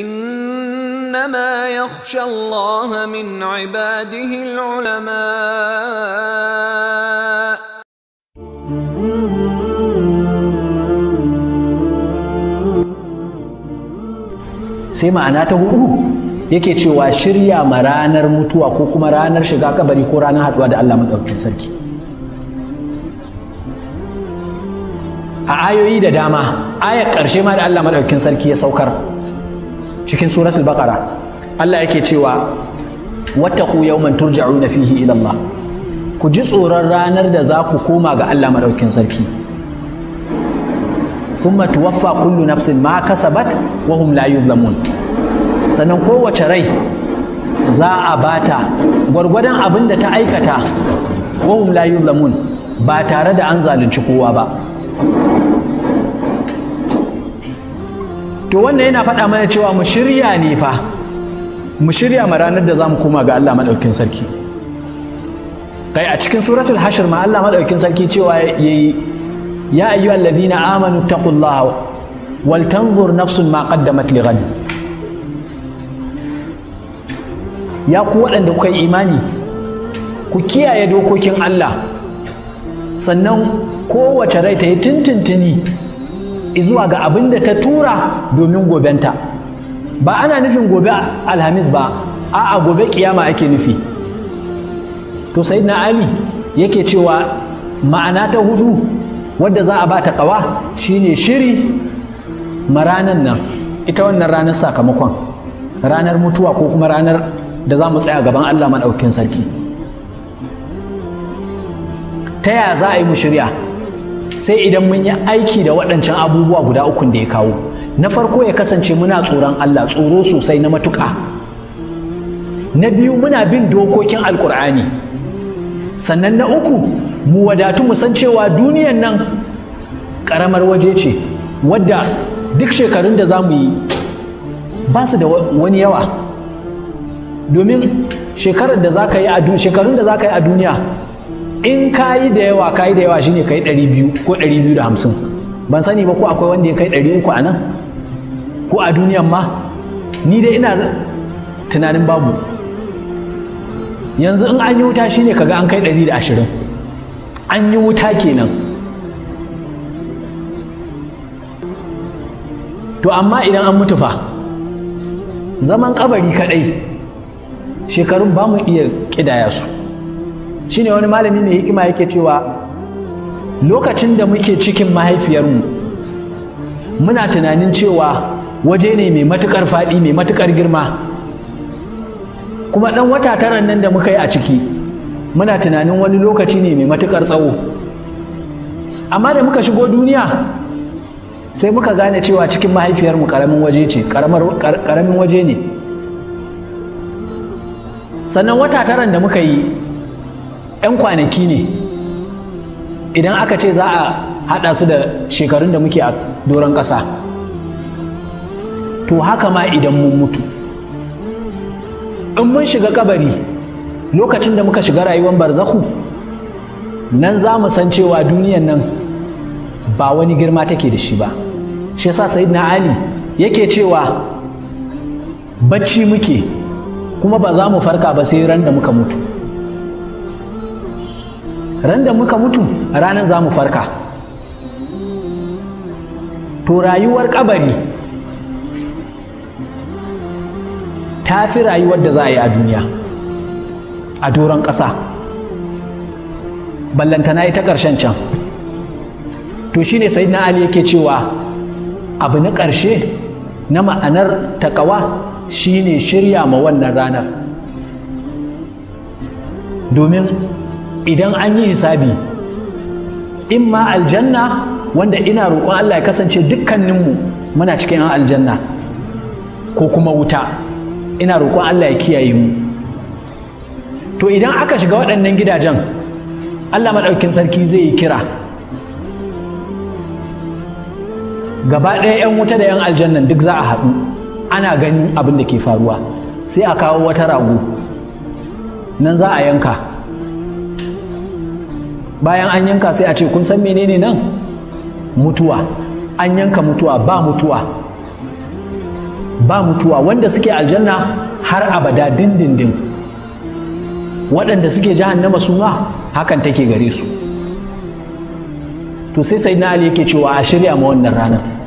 إنما يخشى الله من عباده العلماء sai ma'ana ta hudu yake cewa shirya ma ranar mutuwa ko kuma ranar shiga kabari ko ranar haduwa da Allah maɗaukakin sarki a ayoyi da dama ayar ƙarshe ma da Allah maɗaukakin sarki ya saukar cikin suratul baqara Allah yake cewa wattaqu yawman turja'una fihi ila Allah ku ji tsoron ranar da za ku koma ga Allah madaukin sarki thumma tuwaffa kullu nafsin ma kasabat wa hum la yuzlamun sannan kowace rai za a bata gwargwadon abin da ta aikata wa hum la yuzlamun ba tare da an zalunci kowa ba to wannan yana faɗa mana cewa mu shirya ne fa mu shirya ma ranar da za mu koma ga Allah maɗaukin sarki kai a cikin suratul hashir ma Allah maɗaukin sarki cewa yayi ya ayyu ladina amanu taqullaha wal tanzur nafsun ma qaddamat li ghad ya ku waɗanda kuka yi imani ku kiyaye dokokin Allah sannan kowace rai ta yi tuntuntuni. izuwa ga abin da ta tura domin gobenta ba ana nufin gobe alhamis ba a'a gobe kiyama ake nufi to sayyidina ali yake cewa ma'ana ta hudu wadda za a ba ta kawa shine shiri maranan nan ita wannan ranar sakamakon ranar mutuwa ko kuma ranar da za mu tsaya gaban allah maɗaukin sarki ta yaya za a yi mu shirya sai idan mun yi aiki da waɗancan abubuwa guda ukun da ya kawo na farko ya kasance muna tsoron Allah tsoro sosai na matuƙa na biyu muna bin dokokin alkur'ani sannan na uku mu wadatu mu san cewa duniyan nan ƙaramar waje ce wadda duk shekarun da za mu yi ba su da wani yawa domin shekarun da za ka yi a duniya in ka yi da yawa ka yi da yawa shine ka yi ɗari biyu ko ɗari biyu da hamsin ban sani ba ko akwai wanda ya kai ɗari uku a nan ko a duniyan ma ni dai ina tunanin babu yanzu in an yi wuta shine kaga an kai ɗari da ashirin an yi wuta kenan to amma idan an mutu fa zaman kabari kaɗai shekarun ba mu iya ƙidaya su Shi ne wani malami mai hikima yake cewa lokacin da muke cikin mahaifiyarmu muna tunanin cewa waje ne mai matukar faɗi mai matukar girma kuma ɗan wata taran nan da muka yi a ciki muna tunanin wani lokaci ne mai matukar tsawo amma da muka shigo duniya sai muka gane cewa cikin mahaifiyarmu karamin waje ce karamin waje ne sannan wata taran da muka yi 'yan kwanaki ne idan aka ce za a haɗa su da shekarun da muke a doron ƙasa to haka ma idan mun mutu in mun shiga kabari lokacin da muka shiga rayuwar barzaku nan za mu san cewa duniyan nan ba wani girma take da shi ba shi yasa na ali yake cewa bacci muke kuma ba za mu farka ba sai ran da muka mutu ran da muka mutu ranar za mu farka to rayuwar kabari ta fi rayuwar da za a yi a duniya a doron ƙasa ballantana ita ƙarshen can to shine na ali yake cewa abu na ƙarshe na ma'anar takawa shine shirya ma wannan ranar domin idan an yi hisabi in ma aljanna wanda ina roƙon Allah ya kasance dukkaninmu muna cikin yan aljanna ko kuma wuta ina roƙon Allah ya kiyaye mu to idan aka shiga waɗannan gidajen Allah maɗaukin sarki zai yi kira gaba ɗaya 'yan wuta da 'yan aljannan duk za a haɗu ana ganin abin da ke faruwa sai a kawo wata rago nan za a yanka bayan an yanka sai a ce kun san menene nan mutuwa an yanka mutuwa ba mutuwa ba mutuwa wanda suke aljanna har abada dindindin waɗanda suke jahannama su ma hakan take gare su to sai sai na ali yake cewa a shirya ma wannan ranar